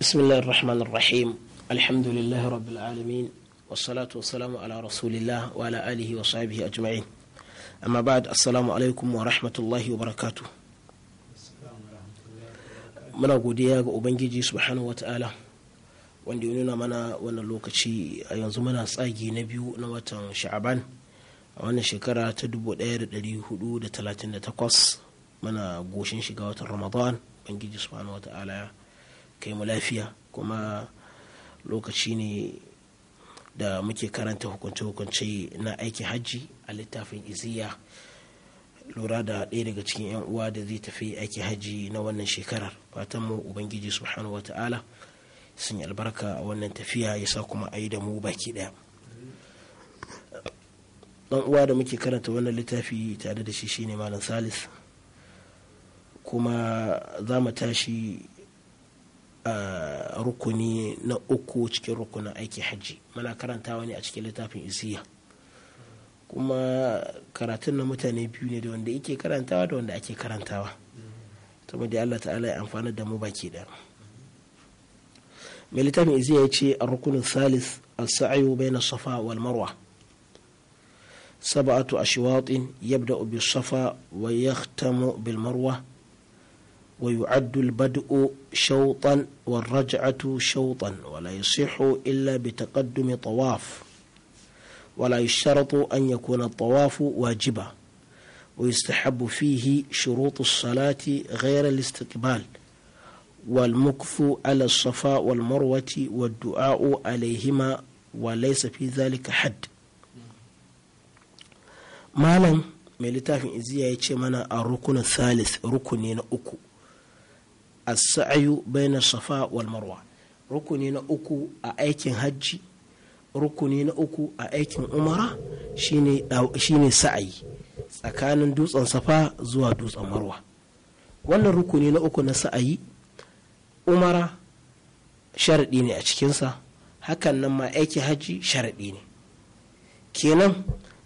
بسم الله الرحمن الرحيم الحمد لله رب العالمين والصلاة والسلام على رسول الله وعلى آله وصحبه أجمعين أما بعد السلام عليكم ورحمة الله وبركاته muna godiya ga ubangiji subhanahu wata'ala wanda ya nuna mana wannan lokaci a yanzu muna tsagi na biyu na watan sha'aban a wannan shekara ta 1438 muna goshin shiga watan ramadan ubangiji subhanahu wata'ala kai mu lafiya kuma lokaci ne da muke karanta hukunce-hukunce na aikin hajji a littafin iziya lura da ɗaya daga cikin 'yan uwa da zai tafi aikin hajji na wannan shekarar fatan mu ubangiji subhanahu ta'ala sun yi albarka a wannan tafiya ya sa kuma ayi da mu baki ɗaya ɗan uwa da muke karanta wannan littafi tare da shi shine malam salis kuma za mu tashi rukuni na uku cikin rukunin aiki hajji muna karantawa ne a cikin littafin isiya kuma karatun na mutane biyu ne da wanda yake karantawa da wanda ake karantawa saboda Allah ta'ala ya amfani da mu baki da mai littafin isiya ya ce a rukunin salis al-sa'ayu bai na safa wal marwa sab'atu ashwatin yabda bi safa wa yahtamu bil marwa ويعد البدء شوطا والرجعة شوطا ولا يصح إلا بتقدم طواف ولا يشترط أن يكون الطواف واجبا ويستحب فيه شروط الصلاة غير الاستقبال والمكف على الصفا والمروة والدعاء عليهما وليس في ذلك حد مالا mai littafin iziya ya ce mana a rukunin thalith rukuni na uku as-sa'yu bayna safa wal marwa rukuni na uku a aikin hajji rukuni na uku a aikin umara shine sa'ayi tsakanin dutsen safa zuwa dutsen marwa wannan rukuni na uku na sa'ayi umara sharaɗi ne a cikinsa hakan nan ma aiki hajji sharaɗi ne kenan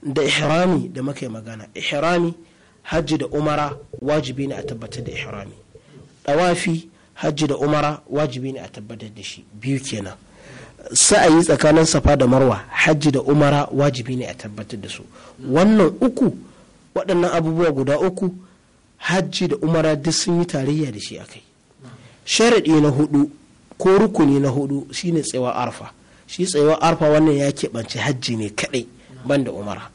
da ihrami da muka yi magana ihrami hajji da umara wajibi ne a tabbatar da ihrami dawafi hajji da umara wajibi ne a tabbatar da shi biyu kenan sa'ayi tsakanin safa da marwa hajji da umara wajibi ne a tabbatar da su wannan uku waɗannan abubuwa guda uku hajji da umara duk sun yi tarayya da shi a akai sharaɗi na hudu ko rukuni na hudu shine tsayawa arfa shi tsayawa arfa wannan ya keɓanci hajji ne kaɗai banda umara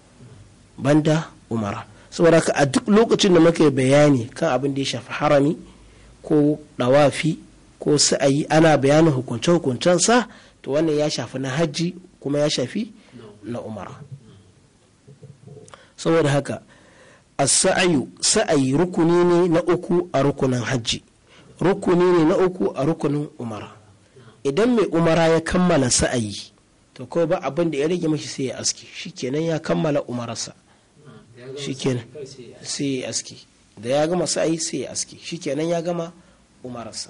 banda umara saboda a duk lokacin da muka bayani kan abin da ya shafi harami ko ɗawafi ko sa'ayi ana bayanin hukunce-hukuncensa to wannan ya shafi na hajji kuma ya shafi na umara saboda haka a sa'ayu sa'ayi rukuni ne na uku a rukunin hajji rukuni ne na uku a rukunin umara idan mai umara ya kammala sa'ayi to kawai ba abin da ya rage mashi sai ya aski shikenan ya kammala umararsa ah, shikenan sai ya aski da ya gama sa'ayi sai ya aske shikenan ya gama umararsa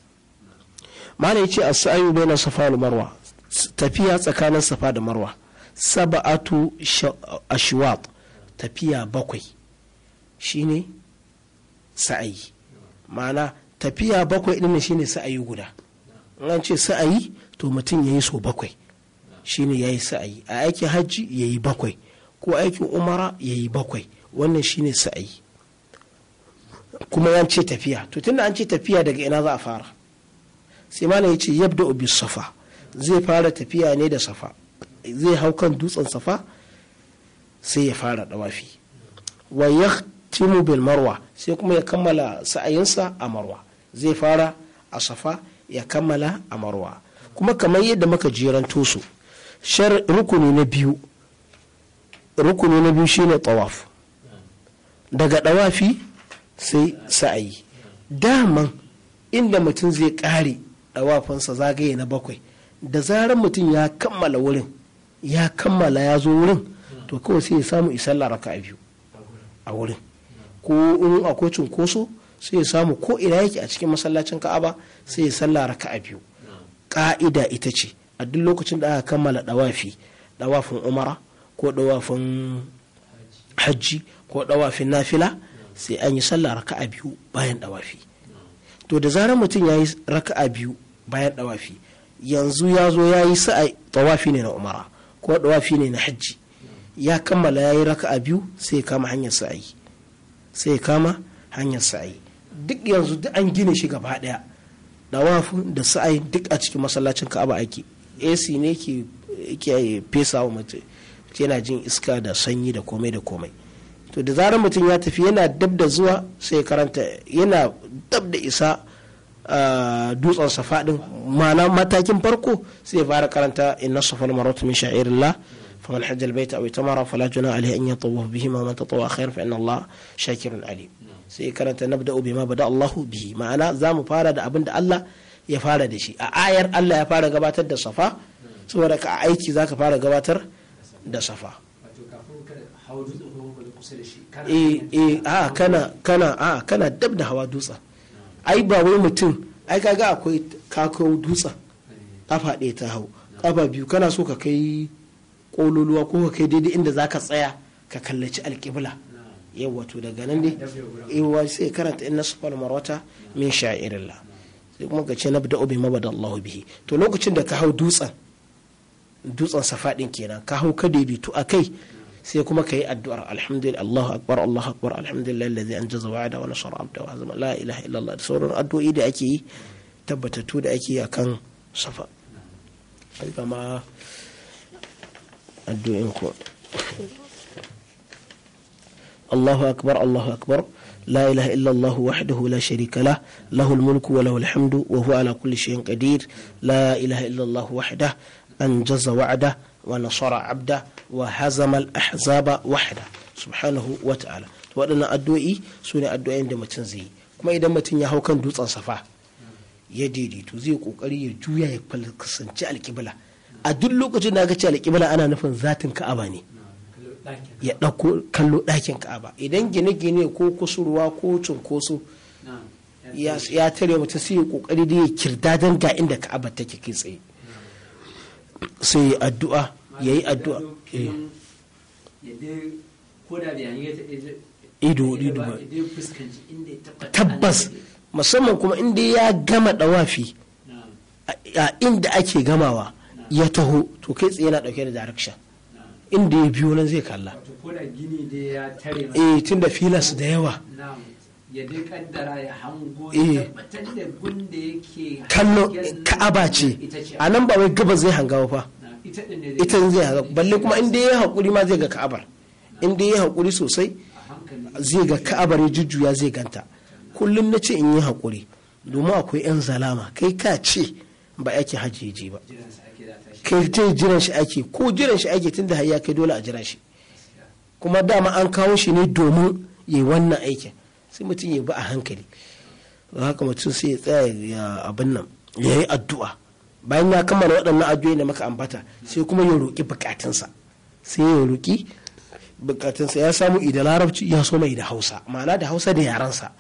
mana yace as-sa'yu baina safa wal marwa tafiya tsakanin safa da marwa sab'atu ashwat tafiya bakwai shine sa'ayi ma'ana tafiya bakwai din shine sa'ayi guda an ce sa'ayi to mutum yayi so bakwai shine yayi sa'ayi a aikin hajji yayi bakwai ko aikin umara yayi bakwai wannan shine sa'ayi kuma ya ce tafiya to tunda an ce tafiya daga ina za a fara sai malam ya ce yabda bi safa zai fara tafiya ne da safa zai hau kan dutsen safa sai ya fara dawafi wa timu bil marwa sai kuma ya kammala sa'ayinsa a marwa zai fara a safa ya kammala a marwa kuma kamar yadda muka jeranto su rukuni na biyu rukuni na biyu shine tawaf daga dawafi sai sa'ayi daman inda mutum zai ƙare ɗawafansa zagaye na bakwai da zarar mutum ya kammala wurin ya kammala ya zo wurin to kawai sai ya samu isan laraka biyu a wurin ko in akwai cunkoso sai ya samu ko ina yake a cikin masallacin ka'aba sai ya raka a biyu ka'ida ita ce a duk lokacin da aka kammala dawafi dawafin umara ko dawafin hajji ko dawafin nafila sai an yi sallah raka'a biyu bayan dawafi to da zarar mutum ya yi raka'a biyu bayan dawafi yanzu ya zo ya yi sa'a tawafi ne na umara ko dawafi ne na hajji ya kammala ya yi raka'a biyu sai kama hanyar sa'ayi sai ya kama hanyar sa'ayi duk yanzu duk an gina shi gaba daya dawafi da sa'ayi duk a cikin masallacin ka'aba ake ac ne ke fesa wa mutum yana jin iska da sanyi da komai da komai to da zarar mutum ya tafi yana dab da zuwa sai karanta yana dab da isa dutsen safa din ma'ana matakin farko sai fara karanta inna safal marwatu min sha'irillah man hajjal albayta aw itamara fala juna alayhi an yatawaf bihi ma man tatawa khair fa inna Allah shakirun alim sai karanta bi ma bada allah bihi ma'ana zamu fara da abin da Allah ya fara da shi a ayar Allah ya fara gabatar da safa saboda ka aiki zaka fara gabatar da safa Eh, eh, ah, kana kana ah, kana dab da hawa dutsen ai ba wai mutum ai kaga akwai kakau dutsen eh. kafa ɗaya ta hau kafa biyu kana so ka kai kololuwa ko ka kai daidai inda zaka tsaya ka kallaci alƙibla yau wato daga nan dai yawa sai karanta inna sufal marwata min sha'irillah sai kuma ka ce nabda'u bi mabada Allah bihi to lokacin da ka hau dutsen dutsen safaɗin kenan ka hau ka debitu a kai sai kuma ka yi addu'ar alhamdulillah Allahu akbar Allahu akbar alhamdulillah allazi anjaza wa'ada wa nashara abda wa hazama la ilaha illallah da sauran addu'o'i da ake yi tabbatattu da ake yi akan safa haka ma addu'in ku Allahu akbar Allahu akbar لا إله إلا الله وحده لا شريك له له الملك وله الحمد وهو على كل شيء قدير لا إله إلا الله وحده أنجز وعده wa nasara abda wa hazamal ahzaba wahda subhanahu wa ta'ala to waɗannan addu'o'i su ne addu'o'in da mutum zai yi kuma idan mutum ya hau kan dutsen safa ya daidaito zai kokari ya juya ya kusanci alƙibla a duk lokacin da aka ce ana nufin zatin ka'aba ne ya ɗauko kallo ɗakin ka'aba idan gine-gine ko kusurwa ko cunkoso ya tare mutum sai ya kokari da ya kirda don ga inda ka'aba take kai tsaye sai ya addu'a ya yi addu'a eh. Eh. ido ido ba tabbas musamman kuma inda ya gama dawafi a inda ake gamawa ya taho to kai tsaye yana dauke da direction inda ya biyo nan zai kalla e tun da eh, filas da yawa kallon ka'aba ce a nan ba wai gaba zai hangawa fa ita zai haka balle kuma in dai ya haƙuri ma zai ga ka'abar in dai ya haƙuri sosai zai ga ka'abar ya jujjuya zai ganta kullum na ce in yi haƙuri domin akwai 'yan zalama kai ka ce ba ake hajjeji ba kai ta jiran shi ake ko jiran shi ake tun da ya kai dole a jira shi kuma dama an kawo shi ne domin ya yi wannan aikin sai mutum ya bi a hankali haka mutum sai ya tsaya ya abin nan ya yi addu'a bayan ya kammala waɗannan ajiyoyi da maka ambata sai kuma ya roƙi bukatunsa sai ya roƙi bukatunsa ya samu idan larabci ya so mai da hausa ma'ana da hausa da yaransa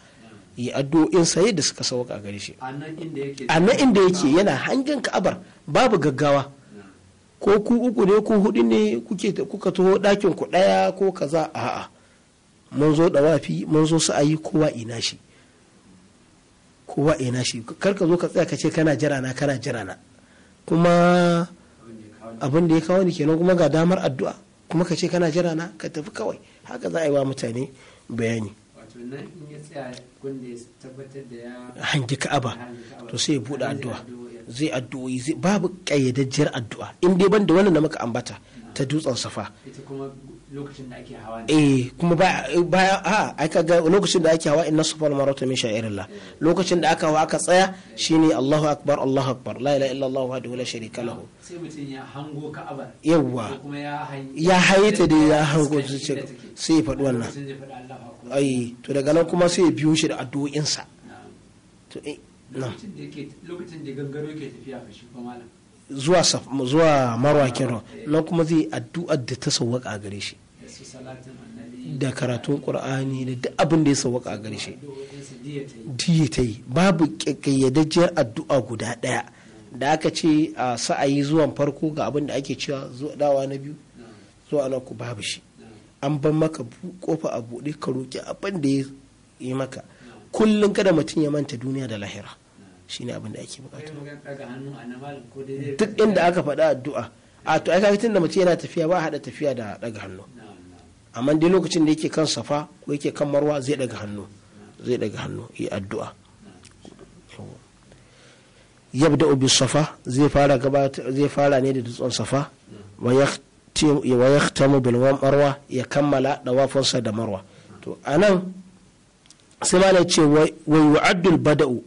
yi addu'o'insa da suka sauka a gare shi a nan inda yake yana hangen ka'abar babu gaggawa ko ku uku ne ko hudu ne kuka taho ɗakin ku ɗaya ko kaza a'a mun zo wafi mun zo ayi kowa ina shi kowa ina shi kar ka zo ka tsaya ka ce kana jira na kana jira na kuma abin da ya kawo ni kenan kuma ga damar addu'a kuma ka ce kana jira na ka tafi kawai haka za a yi wa mutane bayani hangi ka'aba to sai ya buɗe addu'a zai addu'o'i babu ƙayyadajjiyar addu'a in dai ban da wannan da muka ambata ta dutsen safa lokacin da ake hawa eh kuma baya a aka ga lokacin da ake hawa inna sufal marata lokacin da aka hawa aka tsaya shine Allahu akbar Allahu akbar la ilaha illa Allah wahdahu la lahu ya hango kuma ya hayi ta da ya hango ce sai ya faɗi wannan ai to daga nan kuma sai ya biyo shi da addu'o'in eh, zuwa marwa kenan nan kuma zai addu'ar da ta sauwaƙa gare shi da karatun ƙur'ani da duk abin da ya sauwaka a garshe diya ta yi babu ƙayyadajiyar addu'a guda ɗaya da aka ce a sa'ayi zuwan farko ga abin da ake cewa zuwa dawa na biyu zuwa na ku babu shi an ban maka kofa a buɗe ka roƙi abin da ya yi maka kullum kada mutum ya manta duniya da lahira shine abin da ake bukata duk inda aka faɗa addu'a a to ai kaga da mutum yana tafiya ba a haɗa tafiya da ɗaga hannu amma dai lokacin da yake kan safa ko yake kan marwa zai daga hannu zai daga hannu yi addu'a yabda bi safa zai fara zai fara ne da dutsen safa wa yahtamu bil marwa ya kammala dawafinsa da marwa to anan sai malai ce wai wa'addul bada'u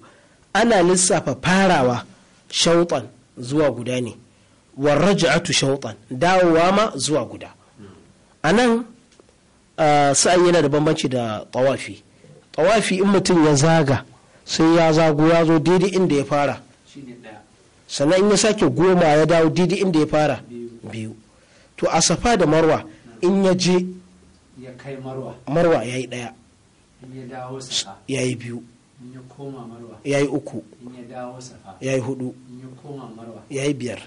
ana lissafa farawa shautan zuwa guda ne warraja'atu shautan dawowa ma zuwa guda anan Eh, sa'ayi yana da bambanci da tawafi tawafi in mutum ya zaga sai ya zago ya zo daidai inda ya fara sannan in ya sake goma ya dawo daidai inda ya fara biyu to a safa da marwa in ya je marwa ya yi ɗaya ya yi biyu ya yi uku ya yi hudu ya yi biyar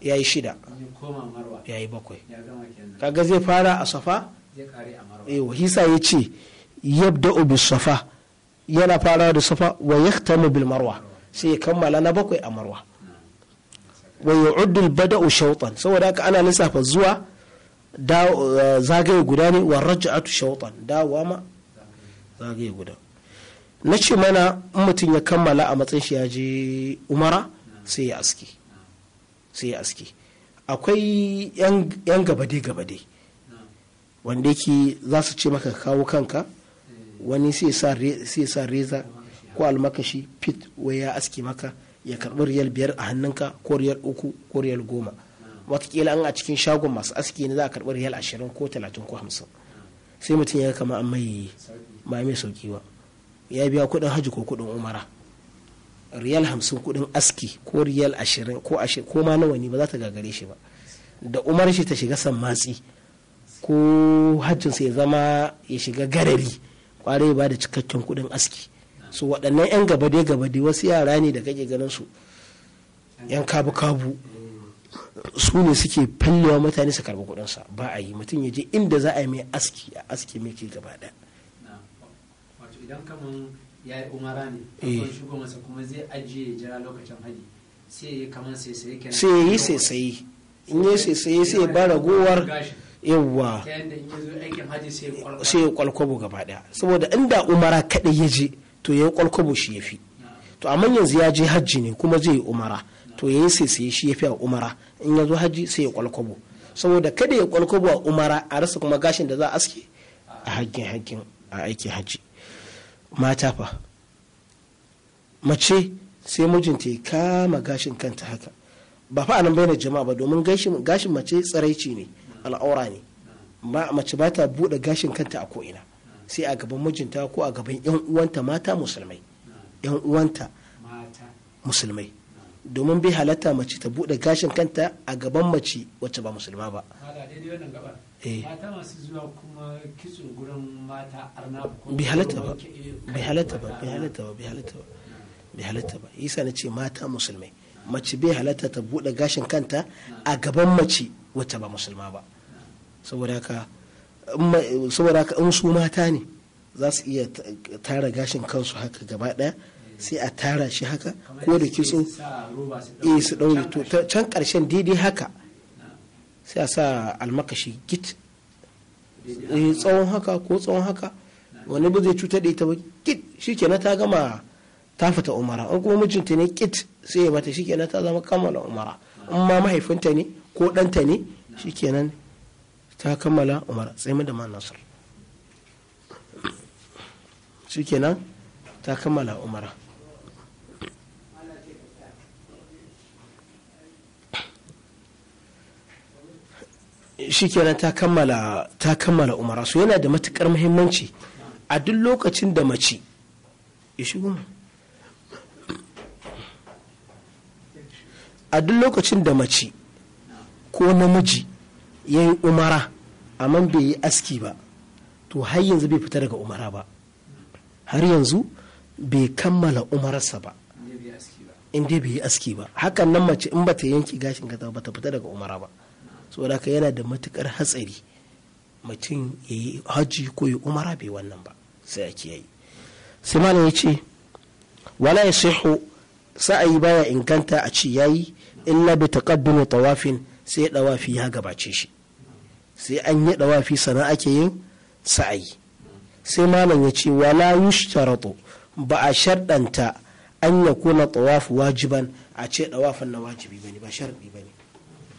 ya yi shida ya yi bakwai kaga zai fara a safa hisa eh, ya ce yabda bi safa yana fara da safa wa ta bil marwa sai ya kammala na bakwai a marwa wa ya al bada shautan saboda haka ana lissafa zuwa da eh, zagaye guda ne wa raj'atu shawtan dawa ma zagaye guda na ce mana in mutum ya kammala a matsayin shi ya je umara sai ya aski sai ya aski akwai yan gabade gabade wanda yake za su ce maka kawo kanka wani sai sa reza ko almakashi fit wai ya aske maka ya karbi riyal biyar a hannunka ko riyal uku ko riyal goma watakila an a cikin shagon masu aski ne za a karɓi riyal ashirin ko talatin ko hamsin sai mutum ya kama an mai ma mai sauki ba ya biya kuɗin hajji ko kuɗin umara riyal hamsin kuɗin aski ko riyal ashirin ko ma nawa ne ba za ta gagare shi ba da umar shi ta shiga san matsi ko hajjinsa ya zama ya shiga garari kwarai ba da cikakken kuɗin aski so waɗannan 'yan gabade gabade wasu yara ne da kake ganin su 'yan kabu kabu su ne suke fallewa mutane su karɓi sa ba a yi mutum ya je inda za a yi mai aski a aski mai ke gaba da idan kamar ya yi umara ne eh. akwai shugabansa kuma zai ajiye jira lokacin hadi sai ya yi kaman sai sai sai yi sai sai in yi sai sai sai ya ba ragowar yawwa sai ya kwalkwabo gaba daya saboda inda umara kadai ya je to ya kwalkwabo shi ya fi to amma yanzu ya je hajji ne kuma zai yi umara to ya yi sai sai shi ya fi a umara in ya zo hajji sai ya kwalkwabo saboda kada ya kwalkwabo a umara a rasa kuma gashin da za a aske a hajjin hajjin a aiki hajji mata fa mace sai mijinta ya kama gashin kanta haka ba fa bai bayyana jama'a ba domin gashin mace tsaraici ne al'aura ne mace ba ta buɗe gashin kanta a ko'ina sai a gaban mijinta ko a gaban yan uwanta mata musulmai yan uwanta musulmai domin bai halatta mace ta buɗe gashin kanta a gaban mace wacce ba musulma ba mata eh. masu zuwa kuma kitso gurin mata arna bai eh, halatta ba bai halatta ba bai halatta ba bai halatta ba bai halatta ba isa na ce mata musulmai mace bai halatta ta buɗe gashin kanta a gaban mace wacce ba musulma ba saboda haka in su mata ne za su iya tara gashin kansu haka gaba daya sai a tara shi haka ko da kitso iya eh, su daure to can karshen daidai haka sai a sa almakashi git eh, tsawon haka ko tsawon haka wani ba zai cutar da ita ba kit na ta gama ta fita umara in kuma mijinta ne kit sai ya bata na ta zama kammala umara in ma mahaifinta ne ko ɗanta ne shi shikenan ta kammala umar tsaye da man nasar kenan ta kammala umara shi kenan ta kammala umara su yana da matukar muhimmanci a duk lokacin da mace ya goma a duk lokacin da mace ko namiji ya yi umara amma bai yi aski ba to har yanzu bai fita daga umara ba har yanzu bai kammala umararsa ba in dai bai yi aski ba hakan nan mace in bata yanki gashin ba bata fita daga umara ba saboda haka yana da matukar hatsari mutum ya yi hajji ko ya umara bai wannan ba sai ake yi sai malam ya ce wala ya sihu sa'ayi baya inganta a ce yayi illa bi taqaddumi tawafin sai dawafi ya gabace shi sai an yi dawafi sana ake yin sa'ayi sai malam ya ce wala yushtaratu ba a shardanta an ya kuna tawaf wajiban a ce dawafin na wajibi bane ba sharɗi bane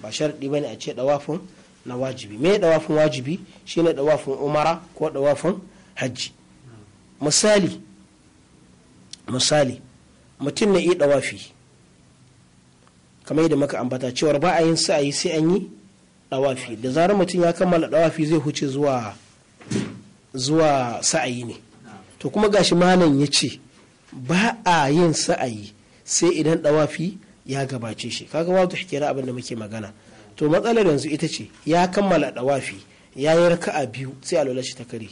ba ne bane a ce dawafin na wajibi me dawafin wajibi shine dawafin umara ko dawafin hajji misali misali mutum na yi dawafi kamar yadda muka ambata cewar ba a yin sa'ayi sai an yi dawafi da zarar mutum ya kammala dawafi zai huce zuwa zuwa sa'ayi ne to kuma gashi malam ya ce ba a yin sa'ayi sai idan dawafi ya gabace shi kaga ta hikira abin da muke magana to matsalar yanzu ita ce ya kammala dawafi ya yi raka'a biyu sai alwala shi ta kare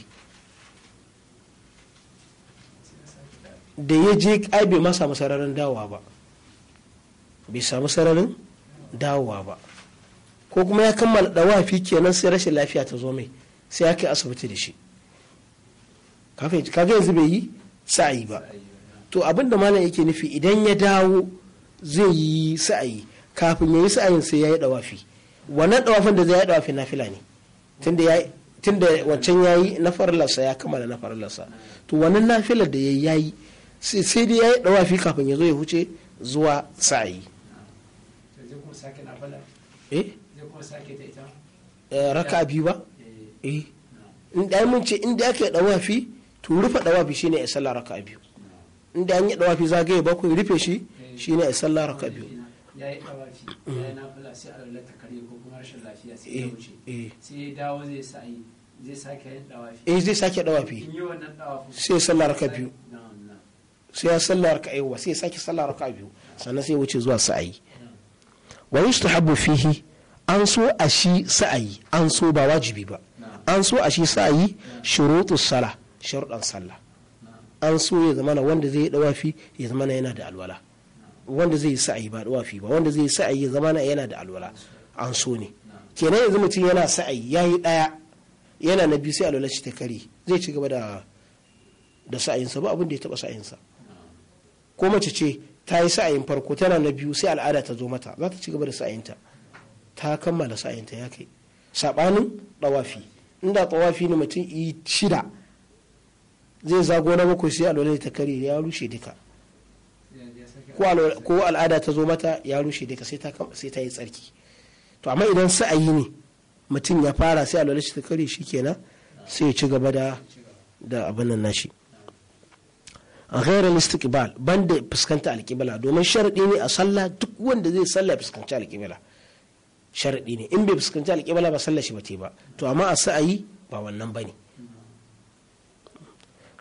da ya je ai bai masa masararin dawowa ba bai samu sararin dawowa ba ko kuma ya kammala dawafi kenan sai rashin lafiya ta zo mai sai ya kai asibiti da shi kaga yanzu bai yi sa'ayi ba to abin da malam yake nufi idan ya dawo zai yi sa'ayi kafin ya yi sa'ayin sai ya yi dawafi wannan dawafin da zai yi dawafi nafila ne tunda wancan ya yi na farlarsa ya kammala na farlarsa to wannan nafilar da ya yi sai dai ya yi dawafi kafin ya zo ya huce zuwa sa'ayi eh Eh, raka biyu ba eh, eh. in da mun ce inda aka yi dawafi to rufe dawafi shine ya sallah raka biyu inda an yi dawafi zagaye bakwai rufe shi eh. shine ya sallah raka biyu ya yi dawafi ya yi nafila sai alwala ta kare ko kuma rashin lafiya sai ya wuce sai ya dawo zai sa yi zai sake yin dawafi eh zai sake dawafi in yi wannan dawafi sai sallah raka biyu sai ya sallah raka aiwa sai ya sake sallah raka biyu sannan sai ya wuce zuwa sa'ayi wa yustahabbu fihi an so a shi sa'ayi an so ba wajibi ba an so a shi sa'ayi shurutu sala sharuɗan sallah an so ya zamana wanda zai dawafi ya zamana yana da alwala wanda zai sa'ayi ba dawafi ba wanda zai sa'ayi ya zamana yana da alwala an so ne kenan yanzu mutum yana sa'ayi yayi daya yana na biyu sai alwala ta kare zai ci gaba da da sa'ayinsa ba abin da ya taba sa'ayinsa ko mace ce ta yi sa'ayin farko tana na biyu sai al'ada ta zo mata za ta ci gaba da sa'ayinta ta kammala sa'inta ya kai saɓanin ɗawafi inda ɗawafi ne mutum yi shida zai zago na bakwai sai alwala ta kare ya rushe duka ko al'ada ta zo mata ya rushe duka sai ta yi tsarki to amma idan sa'ayi ne mutum ya fara sai alwala ta kare shi kenan sai ya ci gaba da da abin nan nashi a ghairar istiqbal banda fuskanta alƙibla domin sharaɗi ne a sallah duk wanda zai sallah fuskanci alƙibla sharaɗi ne in bai fuskanci alƙibla ba sallashi ba ce ba to amma a sa'ayi ba wannan ba ne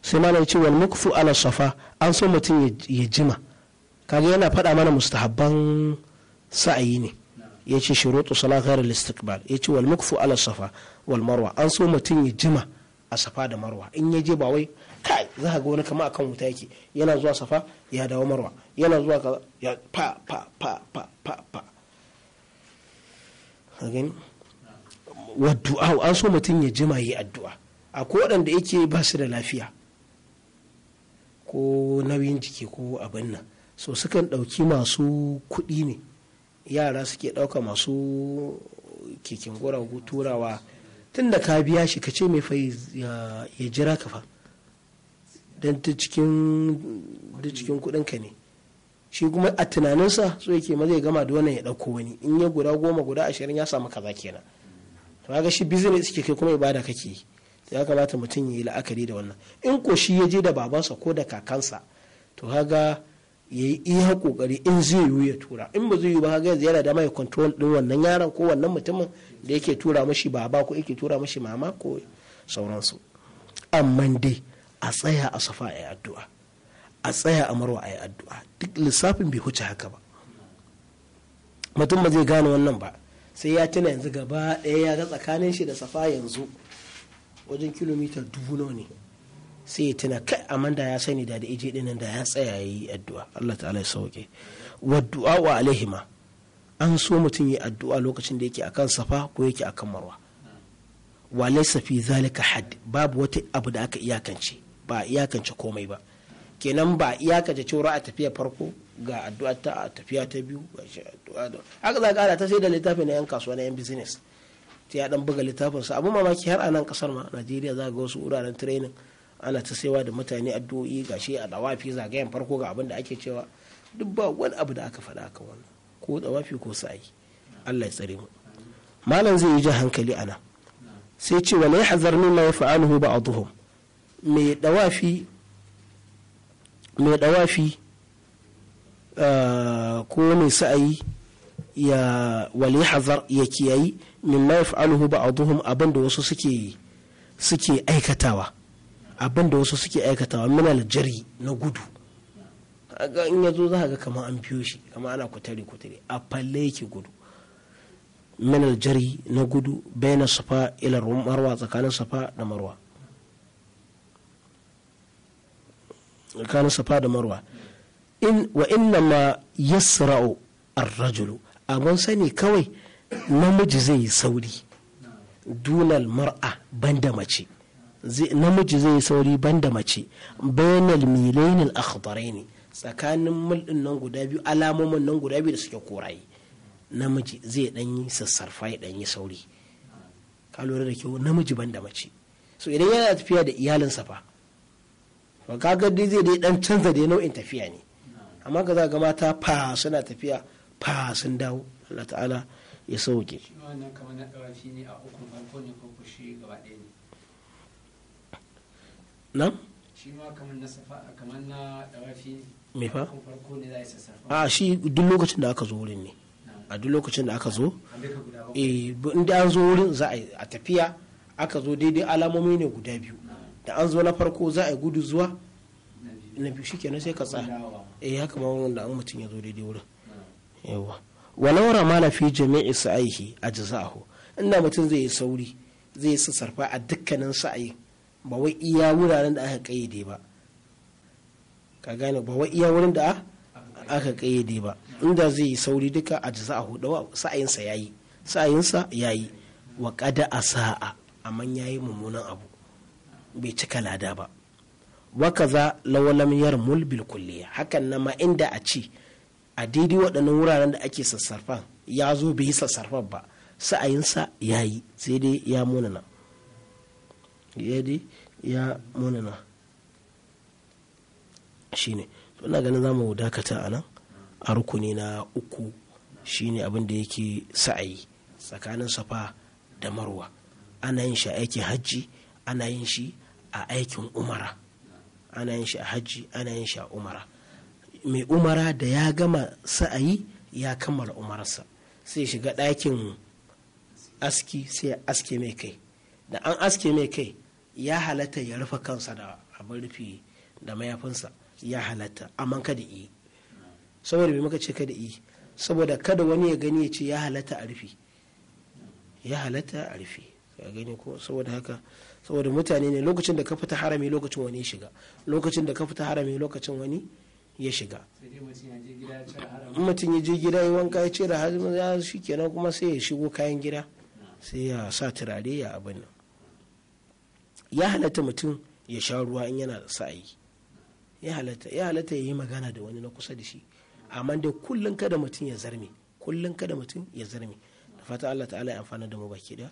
sai ma ce wal mukfu ala safa an so mutum ya jima kaga yana faɗa mana mustahabban sa'ayi ne ya ce shuruɗu salatar istiqbal ya ce wal mukfu ala safa wal marwa an so mutum ya jima a safa da marwa in ya je ba wai kai za ka ga wani kama akan wuta yake yana zuwa safa ya dawo marwa yana zuwa ka ya pa pa fa fa fa fa waddu'a an so mutum ya jima yi addu'a ko waɗanda yake ba su da lafiya ko nauyin jiki ko abin nan so sukan ɗauki masu kuɗi ne yara suke ɗauka masu keken guragu turawa tun da ka biya shi ka ce mai fa ya jira ka fa don ta cikin kuɗinka ne shi kuma a tunaninsa so yake ma zai gama da wannan ya ɗauko wani in ya guda goma guda ashirin ya samu kaza kenan to ga shi business ke kai kuma ibada kake yi ya kamata mutum ya yi la'akari da wannan in ko shi ya je da babansa ko da kakansa to kaga ya yi iya kokari in zai yiwu ya tura in ba zai yiwu ba haga ya ziyara da mai control din wannan yaron ko wannan mutumin da yake tura mashi baba ko yake tura mashi mama ko sauransu amma dai a tsaya a safa a addu'a a tsaya a marwa a yi addu'a duk lissafin bai huce haka ba mutum ba zai gane wannan ba sai ya tuna yanzu gaba ɗaya ya ga tsakanin shi da safa yanzu wajen kilomita dubu nawa ne sai ya tuna kai manda ya sani da da ije dinan da ya tsaya ya yi addu'a Allah ta'ala ya sauke wa du'a wa alaihima an so mutum yi addu'a lokacin da yake akan safa ko yake akan marwa wa laysa fi zalika had babu wata abu da aka iyakance ba iyakance komai ba kenan ba iyaka ta cewa a tafiya farko ga addu'a ta a tafiya ta biyu haka za ka ta sai da littafin na yan kasuwa na yan business ta ya dan buga littafin sa abun mamaki har a nan kasar ma najeriya za ga wasu wuraren training ana ta saiwa da mutane addu'o'i gashi a dawafi zagayen farko ga abin da ake cewa duk ba wani abu da aka faɗa aka wannan ko dawafi ko sa'i Allah ya tsare mu malam zai yi jan hankali ana sai ce wala yahzarni ma yaf'aluhu ba'dhum mai dawafi mai dawafi ah, ko mai sa'ayi ya wali hazar ya kiyayi min ma yaf'aluhu ba'dhum abin da wasu suke suke aikatawa abin wasu suke aikatawa min aljari na gudu A in zo za ga kama an fiyo shi kama ana kutare kutare a falle yake gudu min aljari na gudu baina safa ila marwa tsakanin safa da marwa tsakanin safa da marwa in wa inna ma yasra'u ar-rajulu abun sani kawai namiji zai yi sauri dunal mar'a banda mace namiji zai yi sauri banda mace bainal milainil ne tsakanin mulɗin nan guda biyu alamomin nan guda biyu da suke koraye namiji zai dan yi sassarfa ya dan yi sauri ka lura da kyau namiji banda mace so idan yana tafiya da iyalinsa safa. ba kaga dai zai dai dan canza dai nau'in tafiya ne amma ka za gama mata fa suna tafiya fa sun dawo Allah ta'ala ya sauke na ma fa a shi duk lokacin da aka zo wurin ne a duk lokacin da aka zo eh inda an zo wurin za a tafiya aka zo daidai alamomi ne guda biyu da an zo na farko za a gudu zuwa na biyu shi kenan sai ka tsaya e ya kama wanda an mutum ya zo daidai wurin yawa walau ramana fi jami'i sa'aihi a jaza'ahu inda mutum zai yi sauri zai yi sassarfa a dukkanin sa'ayi ba wai iya wuraren da aka kayyade ba ka gane ba wai iya wurin da aka kayyade ba inda zai yi sauri duka a jaza'ahu da sa'ayinsa yayi sa'ayinsa yayi wa a sa'a amma yayi mummunan abu bai cika lada ba za lawalam yar bil kulliya hakan na ma inda a ci a daidai waɗannan wuraren da ake sassarfan ya zo bai yi sassarfan ba sa'ayinsa ya yi sai dai ya munana ya ya munana shine suna ganin za mu dakata a nan a rukuni na uku shine abin da yake sa'ayi tsakanin safa da marwa ana yin shi aikin hajji ana yin shi a aikin umara ana yin shi a hajji ana yin shi a umara mai umara da ya gama sa'ayi ya kammala umararsa sai shiga ɗakin aski sai ya aske mai kai da an aske mai kai ya halatta ya rufe kansa da abin rufe da mayafinsa ya halatta amma kada yi saboda bai muka ce kada yi saboda kada wani ya gani ya ce ya halatta a ya halatta a rufe ka gani ko saboda haka saboda mutane ne lokacin da ka fita harami lokacin wani ya shiga lokacin da ka fita harami lokacin wani ya shiga mutum ya je gida ya wanka ya da hajjin ya shi kenan kuma sai ya shigo kayan gida sai ya sa turare ya abin nan ya halatta mutum ya sha ruwa in yana da sa'ayi ya halatta ya halatta ya yi magana da wani na kusa da shi amma dai kullum kada mutum ya zarme kullum kada mutum ya zarme da fata Allah ta'ala ya amfana da mu baki da